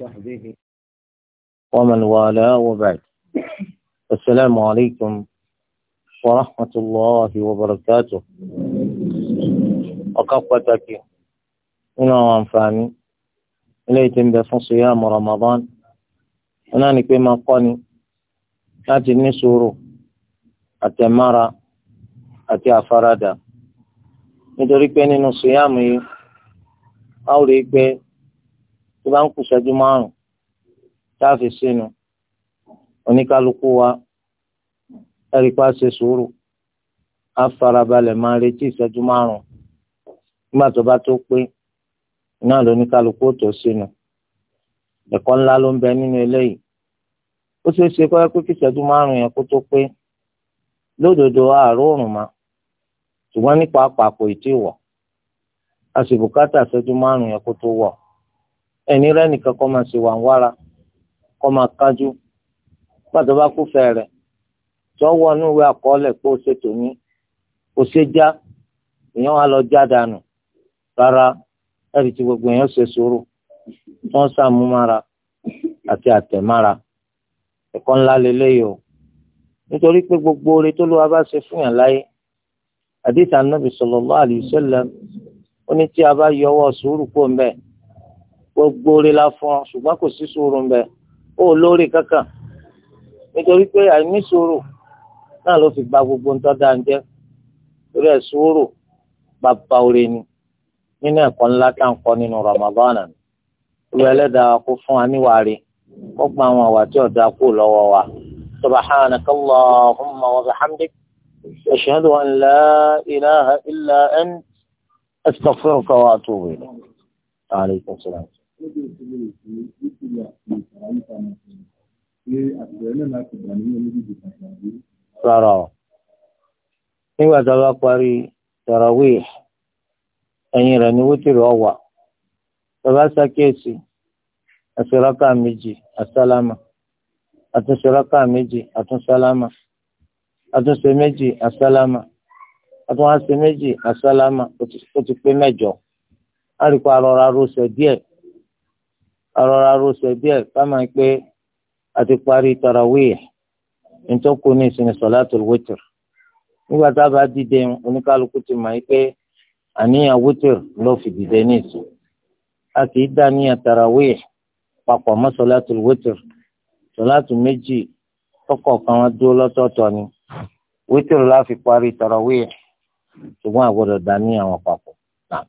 وصحبه ومن والاه وبعد السلام عليكم ورحمة الله وبركاته وقفتك هنا وأنفاني إليتم بفن صيام رمضان أنا نكيما قاني láti ní sùúrù àtẹ̀mára àti àfaradà nítorí pé nínú sùyàmù tó bá ń kù ṣẹ́jú márùn tá a fi sínú oníkálukú wa ẹ̀rí pa ṣe sùúrù á farabalẹ̀ máa retí ìṣẹ́jú márùn nígbà tó bá tó pé náà lóníkálukú tó sínú ẹ̀kọ́ ńlá ló ń bẹ nínú eléyìí ó ṣeé ṣe kọ́ pé kí ìṣẹ́jú márùn yẹn kó tó pé lódodo àárọ̀rùn ma ṣùgbọ́n nípa àpapọ̀ ìtì wọ̀ a sì bùkátà ìṣẹ́jú márùn yẹn kó tó wọ̀ ẹni rẹ nìkan kọ́ máa ṣe wàǹwàrà kọ́ máa kájú pàtó bá kúfẹ́ rẹ̀ tó wọnú ìwé àkọọ́lẹ̀ pé ó ṣe tòní ó ṣe já èèyàn wá lọ já dànù rárá ẹ̀rí tí gbogbo èèyàn ṣe sùúrù tó ń sàmúmára àti àtẹ̀mára ẹ̀kọ́ ńlá lélẹ́yìí o nítorí pé gbogbo oore tó ló wá bá ṣe fún yàn láyé àdìsá nàbì sallallahu alaihi wasallam ó ní tí a bá yọ ọwọ́ sùúrù kó ń bẹ́ẹ̀ gbogbo orí la fún ọ ṣùgbọ́n kò sí sùúrù ń bẹ ó lórí kankan nítorí pé àìní sùúrù náà ló fi gba gbogbo ń tọ́da ń jẹ́ torí ẹ̀ sùúrù bàbá orí ni nínú ẹ̀kọ́ ńlá tá à ń kọ́ nínú Ramadan olú ẹlẹ́dàá kó fún wa níwàárí kó gba àwọn àwà tí ọ̀dà kú lọ́wọ́ wa subhanaka Allahumma wa bihamdik ashhadu an la ilaha illa ant astaghfiruka wa atubu ilayk. Alaikum salaam. oge eserese ịtụle metara ịntanetị ee na náà láti gbà nínú méjì pàtàkì. sọ̀rọ̀ nígbà tá bá parí tarawih ni tó bá ṣàkíyèsí méjì méjì àtúnṣe méjì àtúnṣe méjì ó ti pé a rí pa díẹ̀. arọra rọṣẹ díẹ̀ káma pé a ti parí tarawih ntọ́kù ní ìsinmi sọ̀láàtò wítìr nígbà tá a bá dìde oníkálukú ti mọ̀ pé àníyàn wítìr ló fi dìde ní ìsìn a kì í dáníyàn tarawih papọ̀ mọ́ sọ̀láàtò wítìr sọ̀láàtò méjì tọkọ̀ọ̀kan wọn dúró lọ́tọ̀ọ̀tọ̀ ni wítìr la fi parí tarawih ṣùgbọ́n àgbọ̀dọ̀ dáníyàn wọn papọ̀ náà.